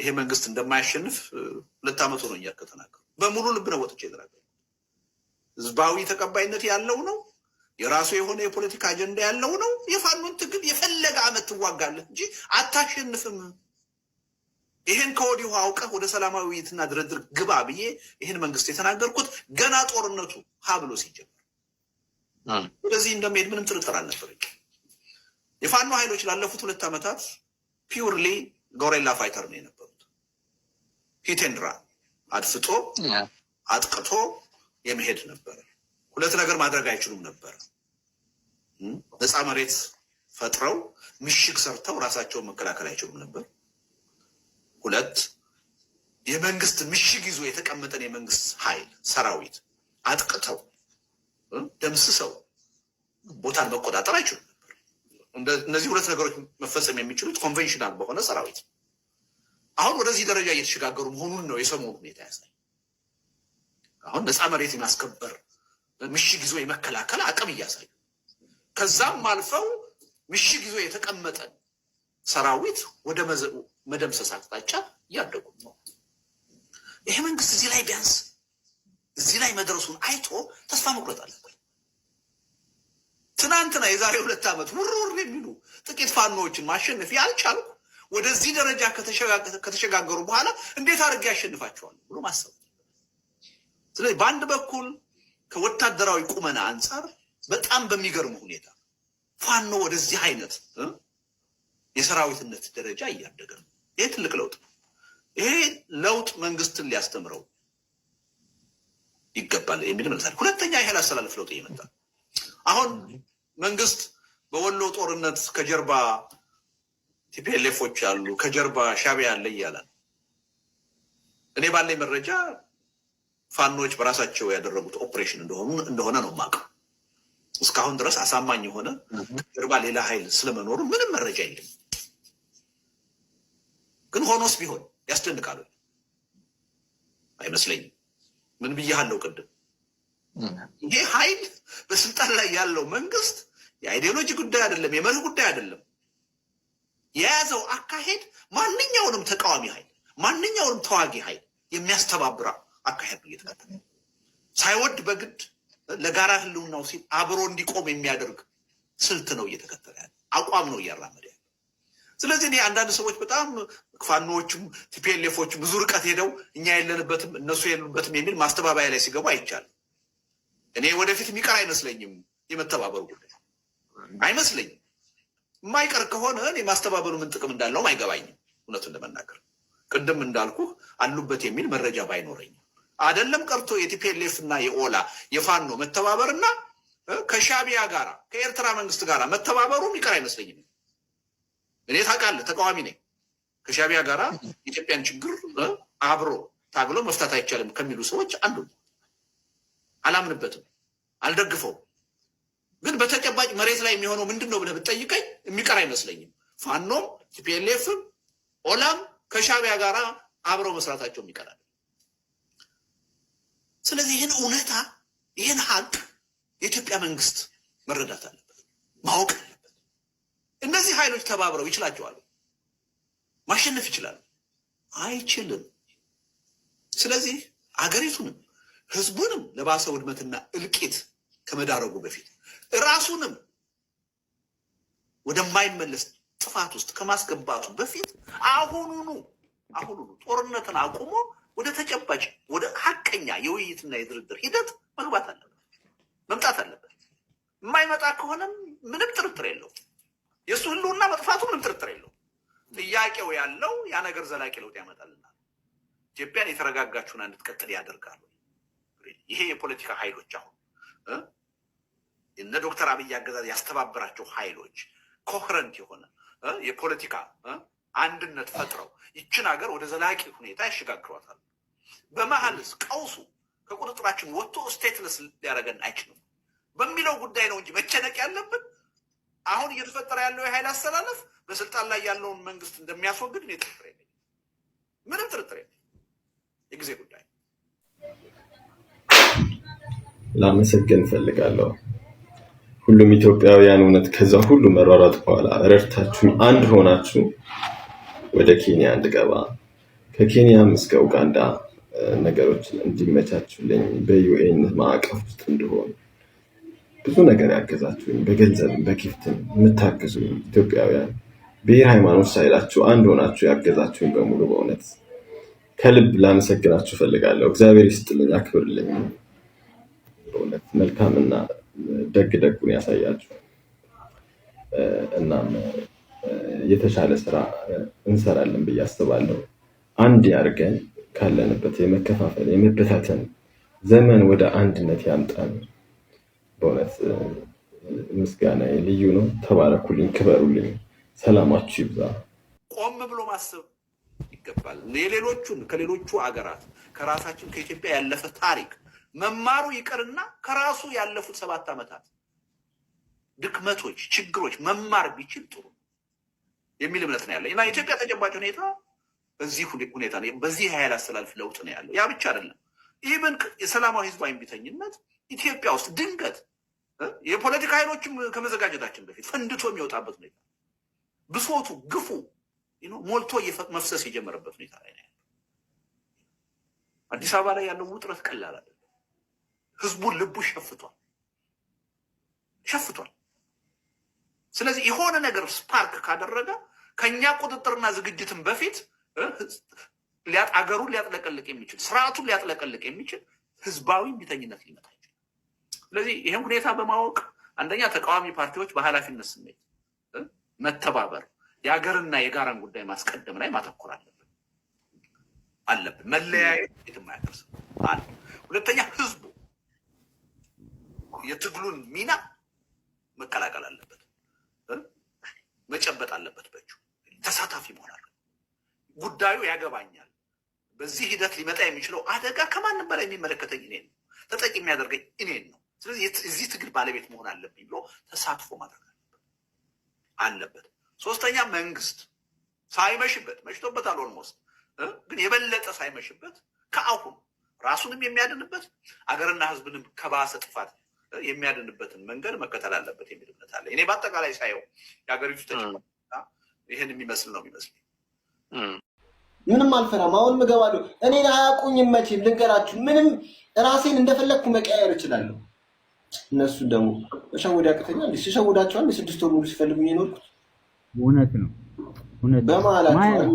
ይሄ መንግስት እንደማያሸንፍ ሁለት ነው ሆኖኛል ከተናገሩ። በሙሉ ልብ ነው ወጥቼ የተናገሩ። ህዝባዊ ተቀባይነት ያለው ነው። የራሱ የሆነ የፖለቲካ አጀንዳ ያለው ነው። የፋኖን ትግል የፈለገ አመት ትዋጋለህ እንጂ አታሸንፍም። ይህን ከወዲሁ አውቀህ ወደ ሰላማዊ ውይይትና ድርድር ግባ ብዬ ይህን መንግስት የተናገርኩት ገና ጦርነቱ ሀ ብሎ ሲጀምር፣ ወደዚህ እንደሚሄድ ምንም ጥርጥር አልነበረኝ። የፋኖ ኃይሎች ላለፉት ሁለት ዓመታት ፒውርሊ ጎሬላ ፋይተር ነው ሂቴንድራ አድፍጦ አጥቅቶ የመሄድ ነበር ሁለት ነገር ማድረግ አይችሉም ነበር። ነፃ መሬት ፈጥረው ምሽግ ሰርተው ራሳቸውን መከላከል አይችሉም ነበር። ሁለት የመንግስት ምሽግ ይዞ የተቀመጠን የመንግስት ኃይል ሰራዊት አጥቅተው ደምስሰው ቦታን መቆጣጠር አይችሉም ነበር። እነዚህ ሁለት ነገሮች መፈጸም የሚችሉት ኮንቬንሽናል በሆነ ሰራዊት አሁን ወደዚህ ደረጃ እየተሸጋገሩ መሆኑን ነው የሰሞኑ ሁኔታ ያሳይ። አሁን ነፃ መሬት የማስከበር ምሽግ ይዞ የመከላከል አቅም እያሳዩ ከዛም አልፈው ምሽግ ይዞ የተቀመጠ ሰራዊት ወደ መደምሰስ አቅጣጫ እያደጉ ነው። ይሄ መንግስት እዚህ ላይ ቢያንስ እዚህ ላይ መድረሱን አይቶ ተስፋ መቁረጥ አለበት። ትናንትና የዛሬ ሁለት ዓመት ውርውር የሚሉ ጥቂት ፋኖዎችን ማሸነፍ ያልቻልኩ ወደዚህ ደረጃ ከተሸጋገሩ በኋላ እንዴት አድርጌ ያሸንፋቸዋል ብሎ ማሰብ። ስለዚህ በአንድ በኩል ከወታደራዊ ቁመና አንጻር በጣም በሚገርም ሁኔታ ፋኖ ወደዚህ አይነት የሰራዊትነት ደረጃ እያደገ ነው። ይሄ ትልቅ ለውጥ ነው። ይሄ ለውጥ መንግስትን ሊያስተምረው ይገባል የሚል መልሳል። ሁለተኛ ይህል አስተላለፍ ለውጥ እየመጣ አሁን መንግስት በወሎ ጦርነት ከጀርባ ቲፒኤልኤፎች አሉ፣ ከጀርባ ሻቢያ አለ እያላል። እኔ ባለኝ መረጃ ፋኖች በራሳቸው ያደረጉት ኦፕሬሽን እንደሆነ ነው የማውቀው። እስካሁን ድረስ አሳማኝ የሆነ ከጀርባ ሌላ ኃይል ስለመኖሩ ምንም መረጃ የለም። ግን ሆኖስ ቢሆን ያስደንቃሉ አይመስለኝም። ምን ብያሃለው ቅድም ይሄ ኃይል በስልጣን ላይ ያለው መንግስት የአይዲዮሎጂ ጉዳይ አይደለም፣ የመርህ ጉዳይ አይደለም። የያዘው አካሄድ ማንኛውንም ተቃዋሚ ኃይል ማንኛውንም ተዋጊ ኃይል የሚያስተባብራ አካሄድ ነው እየተከተለ ሳይወድ በግድ ለጋራ ህልውናው ሲል አብሮ እንዲቆም የሚያደርግ ስልት ነው እየተከተለ ያለ አቋም ነው እያራመደ ያለ። ስለዚህ እኔ አንዳንድ ሰዎች በጣም ፋኖዎችም ቲፒኤልኤፎችም ብዙ ርቀት ሄደው እኛ የለንበትም እነሱ የሉበትም የሚል ማስተባበያ ላይ ሲገቡ አይቻልም። እኔ ወደፊት የሚቀር አይመስለኝም የመተባበሩ ጉዳይ አይመስለኝም። የማይቀር ከሆነ እኔ ማስተባበሉ ምን ጥቅም እንዳለውም አይገባኝም። እውነቱን ለመናገር ቅድም እንዳልኩ አሉበት የሚል መረጃ ባይኖረኝም አደለም ቀርቶ የቲፒኤልኤፍ እና የኦላ የፋኖ መተባበርና ከሻቢያ ጋር ከኤርትራ መንግስት ጋር መተባበሩ ይቀር አይመስለኝም። እኔ ታውቃለህ ተቃዋሚ ነኝ። ከሻቢያ ጋር ኢትዮጵያን ችግር አብሮ ታግሎ መፍታት አይቻልም ከሚሉ ሰዎች አንዱ አላምንበትም፣ አልደግፈውም። ግን በተጨባጭ መሬት ላይ የሚሆነው ምንድን ነው ብለህ ብትጠይቀኝ የሚቀር አይመስለኝም። ፋኖም ቲፒኤልኤፍም ኦላም ከሻቢያ ጋር አብረው መስራታቸው ይቀራል። ስለዚህ ይህን እውነታ ይህን ሀቅ የኢትዮጵያ መንግስት መረዳት አለበት፣ ማወቅ አለበት። እነዚህ ኃይሎች ተባብረው ይችላቸዋል፣ ማሸነፍ ይችላሉ፣ አይችልም። ስለዚህ አገሪቱንም ህዝቡንም ለባሰ ውድመትና እልቂት ከመዳረጉ በፊት ራሱንም ወደማይመለስ ጥፋት ውስጥ ከማስገባቱ በፊት አሁኑኑ አሁኑኑ ጦርነትን አቁሞ ወደ ተጨባጭ ወደ ሀቀኛ የውይይትና የድርድር ሂደት መግባት አለበት መምጣት አለበት። የማይመጣ ከሆነም ምንም ጥርጥር የለው የእሱ ህልውና መጥፋቱ ምንም ጥርጥር የለው። ጥያቄው ያለው ያ ነገር ዘላቂ ለውጥ ያመጣልናል፣ ኢትዮጵያን የተረጋጋችሁን እንድትቀጥል ያደርጋሉ። ይሄ የፖለቲካ ኃይሎች አሁን እነ ዶክተር አብይ አገዛዝ ያስተባበራቸው ኃይሎች ኮህረንት የሆነ የፖለቲካ አንድነት ፈጥረው ይችን ሀገር ወደ ዘላቂ ሁኔታ ያሸጋግሯታል። በመሀልስ ቀውሱ ከቁጥጥራችን ወጥቶ ስቴትለስ ሊያደርገን አይችልም በሚለው ጉዳይ ነው እንጂ መጨነቅ ያለብን አሁን እየተፈጠረ ያለው የኃይል አስተላለፍ በስልጣን ላይ ያለውን መንግስት እንደሚያስወግድ እኔ ጥርጥር የለኝም። ምንም ጥርጥር የለኝም። የጊዜ ጉዳይ ላመሰግን እፈልጋለሁ። ሁሉም ኢትዮጵያውያን እውነት ከዛ ሁሉ መሯሯጥ በኋላ ረድታችሁን አንድ ሆናችሁ ወደ ኬንያ እንድገባ ከኬንያም እስከ ኡጋንዳ ነገሮችን እንዲመቻችልኝ በዩኤን ማዕቀፍ ውስጥ እንድሆን ብዙ ነገር ያገዛችሁኝ በገንዘብም በጊፍትም የምታግዙ ኢትዮጵያውያን ብሔር፣ ሃይማኖት ሳይላችሁ አንድ ሆናችሁ ያገዛችሁኝ በሙሉ በእውነት ከልብ ላመሰግናችሁ ፈልጋለሁ። እግዚአብሔር ይስጥልኝ፣ አክብርልኝ። በእውነት መልካምና ደግ ደጉን ያሳያችሁ። እናም የተሻለ ስራ እንሰራለን ብዬ አስባለሁ። አንድ ያድርገን፣ ካለንበት የመከፋፈል የመበታተን ዘመን ወደ አንድነት ያምጣን። በእውነት ምስጋና ልዩ ነው። ተባረኩልኝ፣ ክበሩልኝ፣ ሰላማችሁ ይብዛ። ቆም ብሎ ማሰብ ይገባል። የሌሎቹን ከሌሎቹ አገራት ከራሳችን ከኢትዮጵያ ያለፈ ታሪክ መማሩ ይቅርና ከራሱ ያለፉት ሰባት ዓመታት ድክመቶች፣ ችግሮች መማር ቢችል ጥሩ የሚል እምነት ነው ያለ እና የኢትዮጵያ ተጨባጭ ሁኔታ በዚህ ሁኔታ በዚህ ኃይል አስተላልፍ ለውጥ ነው ያለው። ያ ብቻ አይደለም። ኢቨን የሰላማዊ ህዝባዊ እምቢተኝነት ኢትዮጵያ ውስጥ ድንገት የፖለቲካ ኃይሎችም ከመዘጋጀታችን በፊት ፈንድቶ የሚወጣበት ሁኔታ ብሶቱ፣ ግፉ ሞልቶ መፍሰስ የጀመረበት ሁኔታ ላይ ነው ያለው። አዲስ አበባ ላይ ያለው ውጥረት ቀላል አለ ህዝቡን ልቡ ሸፍቷል ሸፍቷል። ስለዚህ የሆነ ነገር ስፓርክ ካደረገ ከእኛ ቁጥጥርና ዝግጅትን በፊት አገሩን ሊያጥለቀልቅ የሚችል ስርዓቱን ሊያጥለቀልቅ የሚችል ህዝባዊ ቢተኝነት ሊመጣ ይችላል። ስለዚህ ይህም ሁኔታ በማወቅ አንደኛ ተቃዋሚ ፓርቲዎች በኃላፊነት ስሜት መተባበር፣ የሀገርና የጋራን ጉዳይ ማስቀደም ላይ ማተኮር አለብን አለብን መለያየት የትም አያደርስም። ሁለተኛ ህዝቡ የትግሉን ሚና መቀላቀል አለበት፣ መጨበጥ አለበት፣ በእጁ ተሳታፊ መሆን አለ። ጉዳዩ ያገባኛል፣ በዚህ ሂደት ሊመጣ የሚችለው አደጋ ከማንም በላይ የሚመለከተኝ እኔን ነው፣ ተጠቂ የሚያደርገኝ እኔን ነው። ስለዚህ እዚህ ትግል ባለቤት መሆን አለብኝ ብሎ ተሳትፎ ማድረግ አለበት። ሶስተኛ መንግስት ሳይመሽበት መሽቶበታል፣ ኦልሞስት ግን የበለጠ ሳይመሽበት ከአሁን ራሱንም የሚያድንበት አገርና ሕዝብንም ከባሰ ጥፋት የሚያድንበትን መንገድ መከተል አለበት የሚል እምነት አለ። እኔ በአጠቃላይ ሳየው የሀገሪቱ ተጨባጭ ይህን የሚመስል ነው የሚመስል። ምንም አልፈራም። አሁን ምገባሉ እኔን አያውቁኝም። መቼም ልንገራችሁ፣ ምንም ራሴን እንደፈለግኩ መቀያየር እችላለሁ። እነሱ ደግሞ መሸወድ ያቅተኛል። ሲሸውዳቸዋል ስድስት ወር ሙሉ ሲፈልጉኝ የኖርኩት እውነት ነው። በመላቸው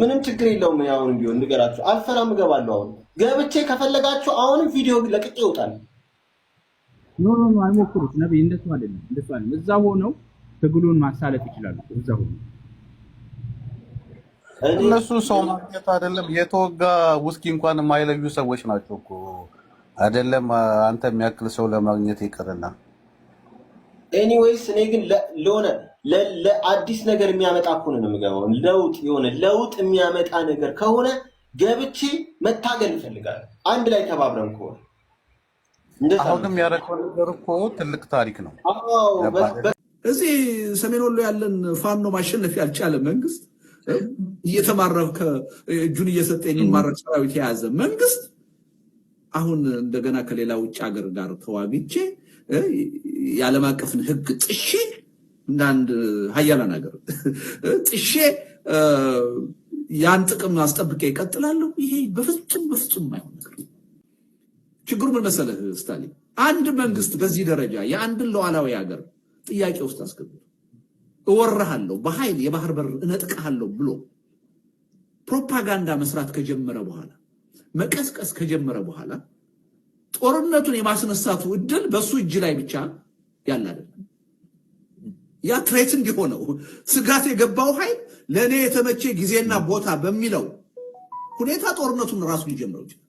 ምንም ችግር የለውም። አሁንም ቢሆን ንገራችሁ አልፈራም፣ እገባለሁ። አሁን ገብቼ ከፈለጋችሁ አሁንም ቪዲዮ ለቅቄ ይወጣል። ኖ ኖ ኖ አይሞክሩት። ነብይ እንደሱ አይደለም፣ እንደሱ አይደለም። እዛ ሆነው ትግሉን ማሳለፍ ይችላሉ። እዛ ሆነው እነሱ ሰው ማግኘት አይደለም የተወጋ ውስኪ እንኳን የማይለዩ ሰዎች ናቸው እኮ አይደለም አንተ የሚያክል ሰው ለማግኘት ይቅርና ኤኒዌይስ እኔ ግን ለሆነ ለአዲስ ነገር የሚያመጣ ከሆነ ነው የምገባው። ለውጥ የሆነ ለውጥ የሚያመጣ ነገር ከሆነ ገብቼ መታገል እፈልጋለሁ። አንድ ላይ ተባብረን ከሆነ አሁንም ያደረገው ነገር እኮ ትልቅ ታሪክ ነው። እዚህ ሰሜን ወሎ ያለን ፋኖ ማሸነፍ ያልቻለ መንግስት እየተማረከ እጁን እየሰጠ የሚማረክ ሰራዊት የያዘ መንግስት አሁን እንደገና ከሌላ ውጭ ሀገር ጋር ተዋግቼ የዓለም አቀፍን ህግ ጥሼ እንዳንድ ሀያላን ሀገር ጥሼ ያን ጥቅም አስጠብቄ ይቀጥላለሁ። ይሄ በፍጹም በፍጹም ማይሆን ነገር። ችግሩ ምን መሰለህ ስታሊን፣ አንድ መንግስት በዚህ ደረጃ የአንድን ሉዓላዊ ሀገር ጥያቄ ውስጥ አስገብቶ እወራሃለሁ፣ በኃይል የባህር በር እነጥቅሃለሁ ብሎ ፕሮፓጋንዳ መስራት ከጀመረ በኋላ መቀስቀስ ከጀመረ በኋላ ጦርነቱን የማስነሳቱ እድል በሱ እጅ ላይ ብቻ ያለ አይደለም። ያ ትሬት እንዲሆነው ስጋት የገባው ኃይል ለእኔ የተመቼ ጊዜና ቦታ በሚለው ሁኔታ ጦርነቱን ራሱ ሊጀምረው ይችላል።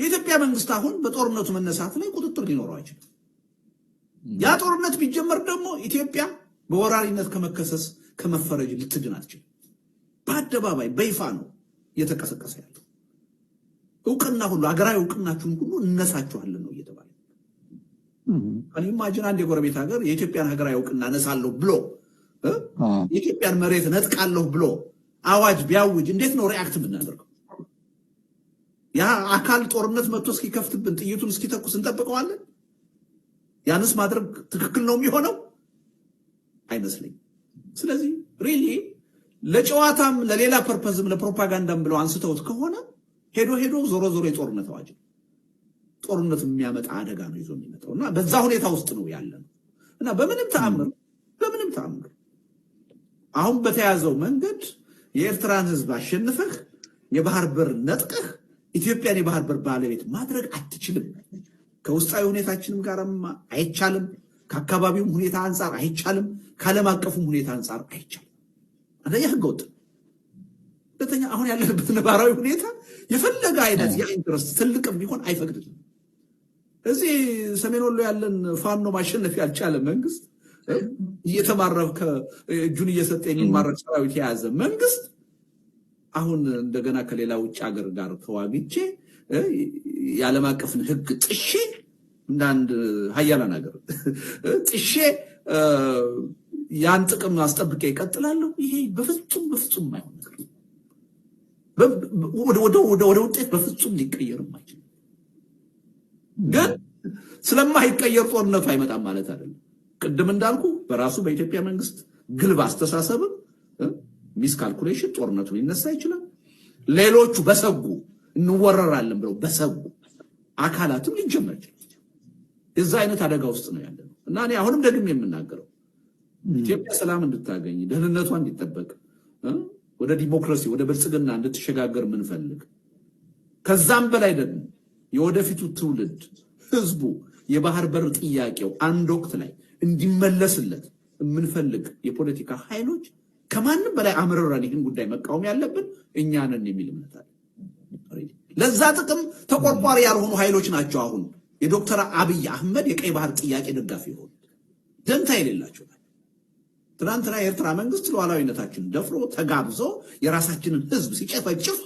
የኢትዮጵያ መንግስት አሁን በጦርነቱ መነሳት ላይ ቁጥጥር ሊኖረው አይችልም። ያ ጦርነት ቢጀመር ደግሞ ኢትዮጵያ በወራሪነት ከመከሰስ ከመፈረጅ ልትድን አትችልም። በአደባባይ በይፋ ነው እየተቀሰቀሰ ያለው። እውቅና ሁሉ ሀገራዊ እውቅናችሁን ሁሉ እነሳችኋለን ነው እየተባለ ኢማጅን አንድ የጎረቤት ሀገር የኢትዮጵያን ሀገራዊ እውቅና እነሳለሁ ብሎ የኢትዮጵያን መሬት ነጥቃለሁ ብሎ አዋጅ ቢያውጅ እንዴት ነው ሪአክት ብናደርገው? ያ አካል ጦርነት መጥቶ እስኪከፍትብን ጥይቱን እስኪተኩስ እንጠብቀዋለን? ያንስ ማድረግ ትክክል ነው የሚሆነው አይመስለኝም። ስለዚህ ሪሊ ለጨዋታም ለሌላ ፐርፐዝም ለፕሮፓጋንዳም ብለው አንስተውት ከሆነ ሄዶ ሄዶ ዞሮ ዞሮ የጦርነት አዋጅ ጦርነት የሚያመጣ አደጋ ነው ይዞ የሚመጣው እና በዛ ሁኔታ ውስጥ ነው ያለ ነው እና በምንም ተአምር በምንም ተአምር አሁን በተያዘው መንገድ የኤርትራን ህዝብ አሸንፈህ የባህር በር ነጥቀህ ኢትዮጵያን የባህር በር ባለቤት ማድረግ አትችልም። ከውስጣዊ ሁኔታችንም ጋር አይቻልም። ከአካባቢውም ሁኔታ አንጻር አይቻልም። ከዓለም አቀፉም ሁኔታ አንጻር አይቻልም። አንደኛ ህገወጥ ሁለተኛ አሁን ያለበት ነባራዊ ሁኔታ የፈለገ አይነት የኢንትረስት ትልቅም ቢሆን አይፈቅድም። እዚህ ሰሜን ወሎ ያለን ፋኖ ማሸነፍ ያልቻለ መንግስት እየተማረከ እጁን እየሰጠ የሚማረክ ሰራዊት የያዘ መንግስት አሁን እንደገና ከሌላ ውጭ ሀገር ጋር ተዋግቼ የዓለም አቀፍን ሕግ ጥሼ እንዳንድ ሀያላን ሀገር ጥሼ ያን ጥቅም አስጠብቄ ይቀጥላለሁ። ይሄ በፍጹም በፍጹም አይሆን ወደ ውጤት በፍጹም ሊቀየርም አይችልም። ግን ስለማይቀየር ጦርነቱ አይመጣም ማለት አይደለም። ቅድም እንዳልኩ በራሱ በኢትዮጵያ መንግስት ግልብ አስተሳሰብም ሚስ ካልኩሌሽን ጦርነቱ ሊነሳ ይችላል። ሌሎቹ በሰጉ እንወረራለን ብለው በሰጉ አካላትም ሊጀመር ይችላል። አይነት አደጋ ውስጥ ነው ያለ ነው እና እኔ አሁንም ደግም የምናገረው ኢትዮጵያ ሰላም እንድታገኝ ደህንነቷ እንዲጠበቅ ወደ ዲሞክራሲ ወደ ብልጽግና እንድትሸጋገር ምንፈልግ ከዛም በላይ ደግሞ የወደፊቱ ትውልድ ህዝቡ የባህር በር ጥያቄው አንድ ወቅት ላይ እንዲመለስለት የምንፈልግ የፖለቲካ ኃይሎች ከማንም በላይ አምርረን ይህን ጉዳይ መቃወም ያለብን እኛንን የሚል እምነት አለ። ለዛ ጥቅም ተቆርቋሪ ያልሆኑ ኃይሎች ናቸው አሁን የዶክተር አብይ አህመድ የቀይ ባህር ጥያቄ ደጋፊ የሆኑት ደንታ የሌላቸው ትናንትና የኤርትራ መንግስት ሉዓላዊነታችን ደፍሮ ተጋብዞ የራሳችንን ህዝብ ሲጨፈጭፍ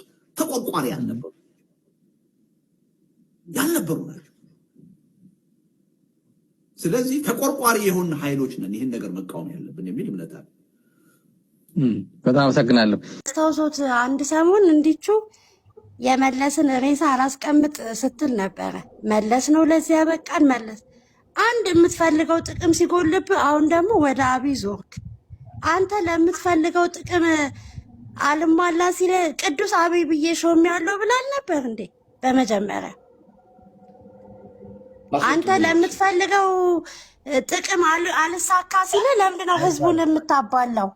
ተቆርቋሪ ያልነበሩ ያልነበሩ ናቸው። ስለዚህ ተቆርቋሪ የሆን ኃይሎች ነን፣ ይህን ነገር መቃወም ያለብን የሚል እምነት አለ። በጣም አመሰግናለሁ። አስታውሶት አንድ ሰሞን እንዲቹ የመለስን ሬሳ አላስቀምጥ ስትል ነበረ። መለስ ነው ለዚያ በቃን መለስ አንድ የምትፈልገው ጥቅም ሲጎልብ አሁን ደግሞ ወደ አብይ ዞርክ። አንተ ለምትፈልገው ጥቅም አልሟላ ሲለ ቅዱስ አቢ ብዬ ሾም ያለው ብላል ነበር እንዴ? በመጀመሪያ አንተ ለምትፈልገው ጥቅም አልሳካ ሲለ ለምንድነው ህዝቡን የምታባላው?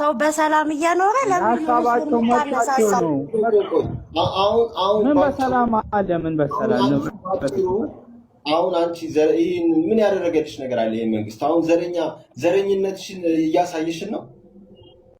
ሰው በሰላም እያኖረ ለምንድነው ምን በሰላም አለ? ምን በሰላም አሁን አንቺ ምን ያደረገልሽ ነገር አለ? ይህ መንግስት አሁን ዘረኛ ዘረኝነትሽን እያሳየሽን ነው።